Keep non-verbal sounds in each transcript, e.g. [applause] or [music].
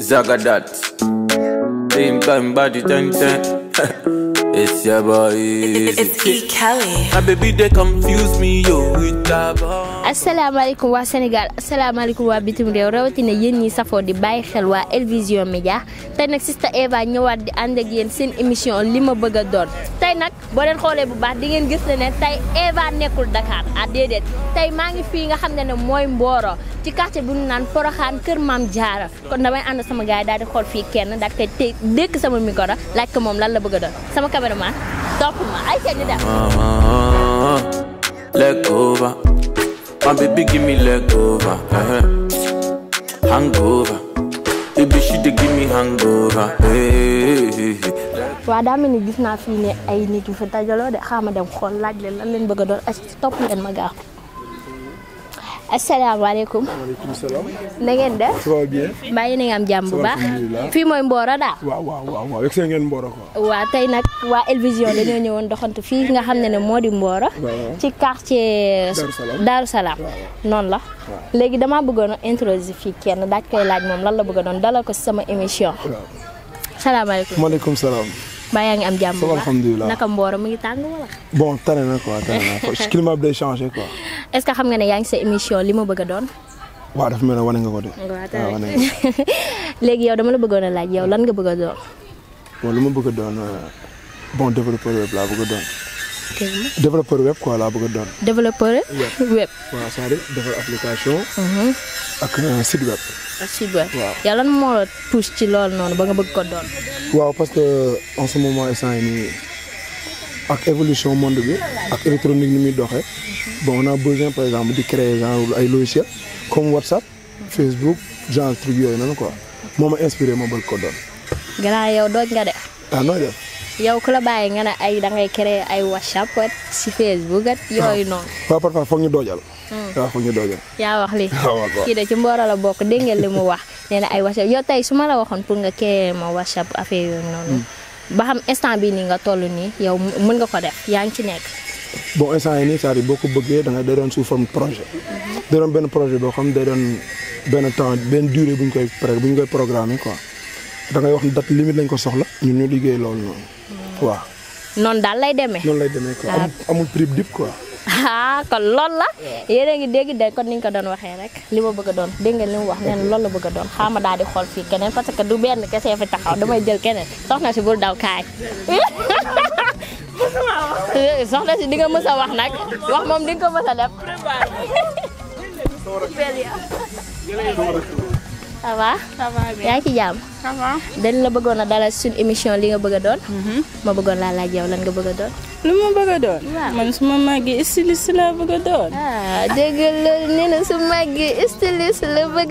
Zagadat. Same time, body ten ten. [laughs] it's your boy. It's E. Kelly. My baby, they confuse me, yo, with that boy. asalaamaaleykum waa Sénégal asalaamaaleykum waa bitim réew rawatina yéen ñi safoo di bàyyi xel waa El Vision Média tey nag sista Eva ñëwaat di ànd ak yéen seen émission li ma bëgg a doon tey nag boo leen xoolee bu baax di ngeen gis ne ne tey Eva nekkul Dakar a ah, déedéet tey maa ngi fii nga xam ne ne mooy Mboro ci quartier bu ñu naan Poroxaan Kër Maam Jaara kon damay ànd sama gars yi daal di xool fii kenn daal koy tey dékk sama micro laaj ko moom lan la bëgg a doon sama caméraman topp ma ay My baby give me leg over, uh-huh. hangover. Baby she dey give me hangover. Hey, eh. hey, hey. waa daa mel ni gis naa fii ne ay nit yu fa dajaloo de xaama dem xool laaj leen lan leen bëgg a doon as topp leen ma gaaw. asalaamaaleykum. waaleykum salaam. na ngeen def. am jàmm bu baax. fii mooy Mboro daal. waaw tey nag waa El Vision dañoo ñëwoon doxantu fii nga xam ne ne moo di Mboro. ci quartier. Darou Salaam noonu la. léegi damaa bëggoon a introduire fii kenn daaj laaj moom lan la bëgg a doon dalal ko si sama émission. salaamaaleykum. maaleykum salaam. mbaa yaa ngi am jàmm bu baax alhamdulilah naka Mboro mu ngi tàng wala. bon tane na quoi tane na [laughs] climat bi day changé quoi. est ce que xam nga ne yaa Wah, sa émission li ma bëgg a doon waaw dafa mel ne wane nga ko de waaw wane [laughs] léegi yow dama la laaj yow lan nga bëgg doon bon bëgg doon euh, bon développeur web laa bëgg doon développeur web quoi laa bëgg doon développeur web Wah, ça Developer aplikasi. application mhm. ak euh, site web site web waaw yow lan moo la pousse ci loolu noonu ba nga bëgg ko doon waaw parce que en ce moment ak évolution monde bi ak électronique ni mi doxé bon on a besoin par exemple de créer genre ay logiciel comme whatsapp facebook genre truc yoy nan quoi moma inspiré mo bal ko don gala yow dooj nga def ah no def yow ku la bàyyi nga na ay da ngay créer ay whatsapp at si facebook at ah. yooyu noonu waaw parfois foog ñu dojal hmm. waaw foog ñu doojal yaa wax li [laughs] ki de ci mboro la bok dengel li mu wax [laughs] nee ay whatsapp yow tay suma la waxoon pour nga créer mo whatsapp affaire yooyu noonu hmm. ba xam instant bi nii nga toll nii yow mën nga ko def yaa ngi ci nekk. boo instant yi nii cest à boo ko bëggee da nga day doon sous forme projet. Mhm. day doon benn projet boo xam day doon benn temps benn durée bu ñu koy pré bu ñu koy programmer quoi da ngay wax ne date limite ko soxla. ñu ñu liggéey loolu noonu. waaw. Mhm. noonu daal lay demee. noonu lay demee quoi ah. amul amul prix dip quoi. ah kon loolu la yéen a ngi dégg de kon ni ñu ko doon waxee rek li ma bëgg a doon dégg ngeen li mu wax neen loolu la bëgg doon xaama daal di xool fii keneen parce que du benn kese fi taxaw damay jël keneen soxna si bul daw kaay [laughs] soxna si di nga mës a wax nag wax moom di nga ko mës a def [laughs] ça va. ça va yaa ngi ci jàmm. la bëggoon a dalal suñu émission li nga bëgg a doon. Mhm. ma bëggoon laa laaj yow lan nga bëgg a doon. lu ma bëgg a doon. man su ma màggee styliste a la ah, nee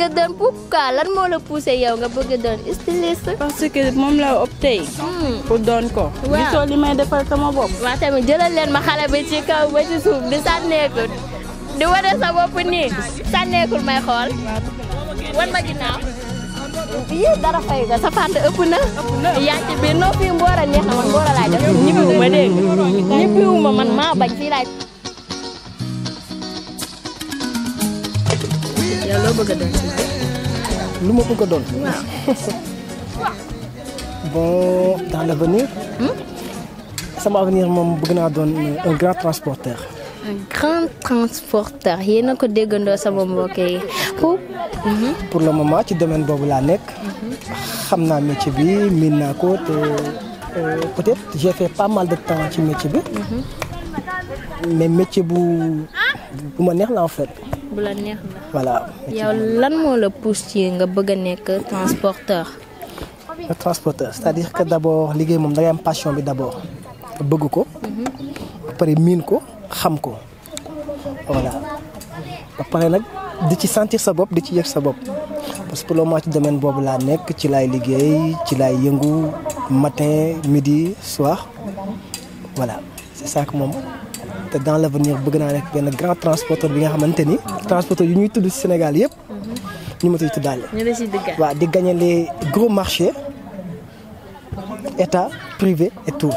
na doon pourquoi lan moo la poussé yow nga bëgg a doon styliste. parce que moom la opté. Hmm. pour doon ko. waaw gisoo li may defal sama bopp. waaw jëlal leen ma xale bi ci kaw ba ci suuf di sànneekul di wane sa bopp nii sànneekul may xool. wan ma ginnaaw. fii dara fay nga sa ëpp na. yaa ci biir noo fii Mbora neex na man Mbora laay def ñibbiwuma dégg man maa bañ fii laay. yow loo bëgg a doon lu ma bëgg doon. bon dans avenir. Hmm? sama avenir moom bëgg naa doon un grand transporteur. grand transporteur yéen a ko déggandoo sama mbokk yi mhm. pour. le moment ci domaine boobu laa nekk. xam naa métier bi min na ko te euh, peut-être j'ai fait pas mal de temps ci métier bi. Mhm. mais métier bu bu ma neex la en fait. bu la neex la voilà. yow lan mo la pousse ci nga bëgg nek transporteur le transporteur c'est-à-dire que d'abord liggéey mom da ngay am passion bi d'abord bëgg ko. ba mhm. pare miin ko xam voilà ba pare nag di ci sentir sa bopp di ci parce que pour le ci domaine boobu laa nekk ci laay liggéey ci laay yëngu matin midi soir voilà c'est ça que moom te dans l'avenir bëgg naa nekk benn grand transporteur bi nga xamante transporteur yu ñuy Sénégal yëpp ñu di les gros marchés état privé et tout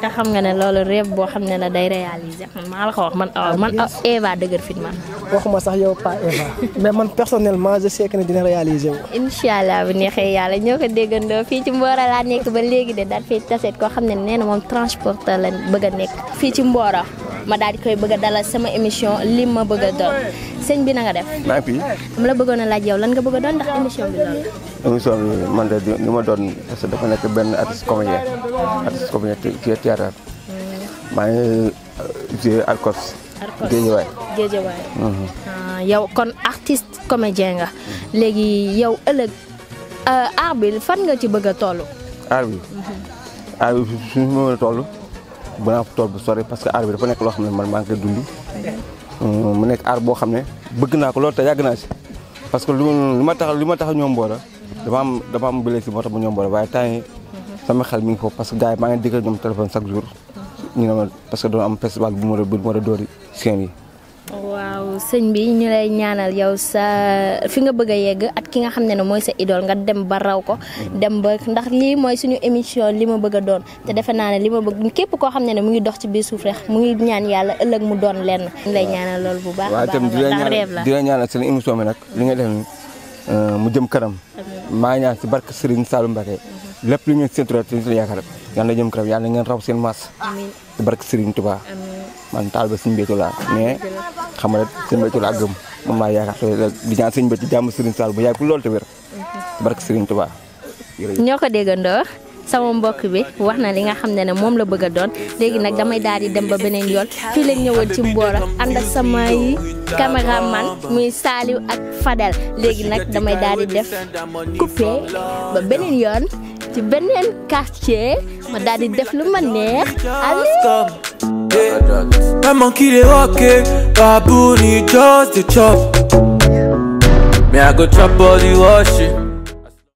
te xam nga ne loolu rêve boo xam ne na day réaliser maa la ko wax man aw oh, man aw oh, Eva dëgër fit man. waxuma sax yow pas Eva mais man personnellement je sais que ne dina réaliser wu. incha allah bu neexee yàlla ñoo ko déggandoo fii ci Mboro laa nekk ba léegi de daal fii taseet koo xam ne nee na moom transporteur la bëgg a nekk. fii ci Mboro ma daal di koy bëgg a dalal sama émission li ma bëgg a doon sëñ bi na nga def. maa am la bëggoon laaj yow lan nga bëgg a doon ndax émission bi loolu émission bi man de ni ma doon parce que dafa nekk benn artiste comédien artiste comédien ci théâtre hmm. maa eh, ngi joué Arcos Géejawaay Géejawaay hmm. ah, yow kon artiste comédien nga hmm. léegi yow ëllëg eh, art bi fan nga ci bëgg a toll art bi mhm. art bi suñu mën a toll bu naa toll bu sori parce que art bi dafa nekk loo xam ne man maa ngi koy dundi mu nekk art boo xam ne bëgg naa ko loolu te yàgg naa si parce que lu ma tax lu ma tax ñoom boora dama am dama am blessé moo tax mu ñoom boole waaye temps yi sama xel mi ngi foofu parce que gars yi maa ngi digal ñoom téléphone chaque jour ñu ne ma parce que doon am festival bu mu bu mu war a sëñ bi ñu lay ñaanal yow sa fi nga bëgg a yegg at ki nga xam ne ne mooy sa idole nga dem ba raw ko dem ba ndax lii mooy suñu émission li ma bëgg doon te defe naa ne li ma bëgg képp koo xam ne ne mu ngi dox ci biir suuf rek mu ngi ñaan yàlla ëllëg mu doon lenn ñu lay ñaanal loolu bu baax waaw itam di la ñaanal seen émission bi nag li nga def euh, mu jëm këram maa ñaan si barke Serigne Saliou Mbacké lépp lu ngeen séntu rek suñu yaakaar yàlla na jëm kanam yàlla na ngeen raw seen maas si barke Serigne Touba man taal ba Serigne Béthio laa mais xam nga Serigne Béthio laa gëm moom maa yaakaar di ñaan Serigne Béthio jàmm Serigne Saliou ba yaay ku loolu te wér si barke Serigne Touba ñoo ko déggandoo sama mbokk bi wax na li nga xam ne ne moom la bëgg a doon léegi nag damay daal di dem ba beneen yoon fii lañ ñëwoon ci Mboro ànd ak samay caméraman muy Saliou ak Fadel léegi nag damay daal di def coupé ba beneen yoon ci beneen quartier ma daal di def lu ma neex allez That monkey they walking, baboon he just the chop. Me I go chop all the washing.